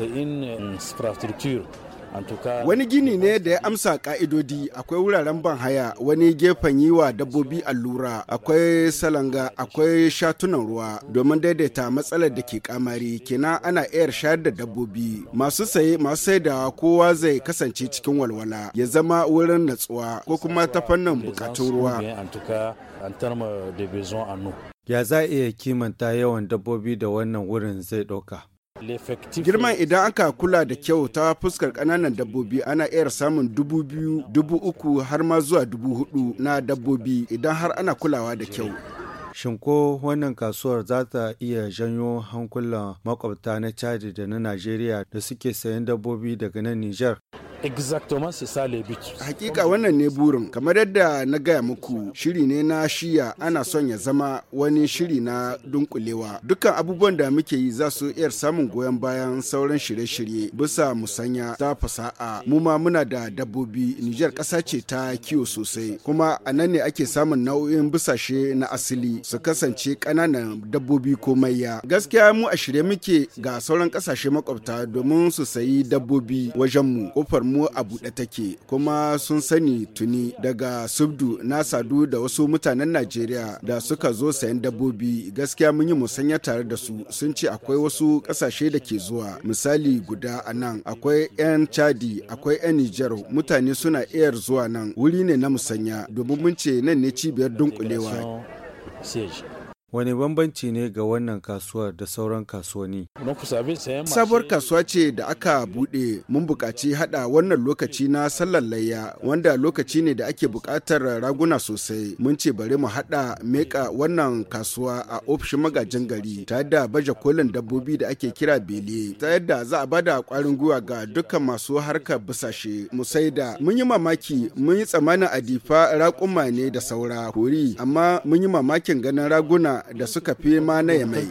Eh, wani gini ne da ya amsa ka'idodi akwai wuraren ban haya wani gefen yi wa dabbobi allura akwai salanga akwai shatunan ruwa domin daidaita matsalar da ke kamari kina ana iya shayar da dabbobi masu saye masu da kowa zai kasance cikin walwala ya zama wurin natsuwa ko kuma ta fannin bukatun ruwa. Ya za iya kimanta yawan dabbobi da wannan wurin zai ɗauka. Girman idan aka kula da kyau ta fuskar kananan dabbobi ana iya samun dubu biyu, dubu uku har ma zuwa dubu hudu na dabbobi idan har ana kulawa da kyau. Shin ko wannan kasuwar za ta iya janyo hankulan makwabta na Chad da na Najeriya da suke sayan dabbobi daga nan Nijar? Exactement c'est ça le but. Hakika wannan ne burin kamar yadda na gaya muku shiri ne na shiya ana son ya zama wani shiri na dunkulewa dukkan abubuwan da muke yi za su iya samun goyon bayan sauran shirye-shirye bisa musanya ta fasaha. mu ma muna da dabbobi Nijar ƙasa ce ta kiwo sosai kuma a nan ne ake samun nau'in bisashe na asili su kasance ƙananan dabbobi ko maiya gaskiya mu a shirye muke ga sauran ƙasashe makwabta domin su sayi dabbobi wajen mu kofar mu a buɗe take kuma sun sani tuni daga subdu na sadu da wasu mutanen najeriya da suka zo sayan dabbobi gaskiya mun yi musanya tare da su sun ce akwai wasu ƙasashe da ke zuwa misali guda a nan akwai 'yan chadi akwai 'yan nijar mutane suna iyar zuwa nan wuri ne na musanya domin mun ce nan ne cibiyar dunkulewa Wani bambanci ne ga wannan kasuwar da sauran kasuwanni? Sabuwar kasuwa ce da aka buɗe mun buƙaci haɗa wannan lokaci na sallar layya wanda lokaci ne da ake buƙatar raguna sosai. Mun ce bari mu haɗa meka wannan kasuwa a ofishin magajin gari ta yadda baje kolin dabbobi da ake kira bele ta yadda za a bada ƙwarin gwiwa ga dukkan masu harkar busashe mu sai da, Mun yi mamaki mun yi tsamanin adifa raƙuma ne da saura kori amma mun yi mamakin ganin raguna da suka fi ma na yamai.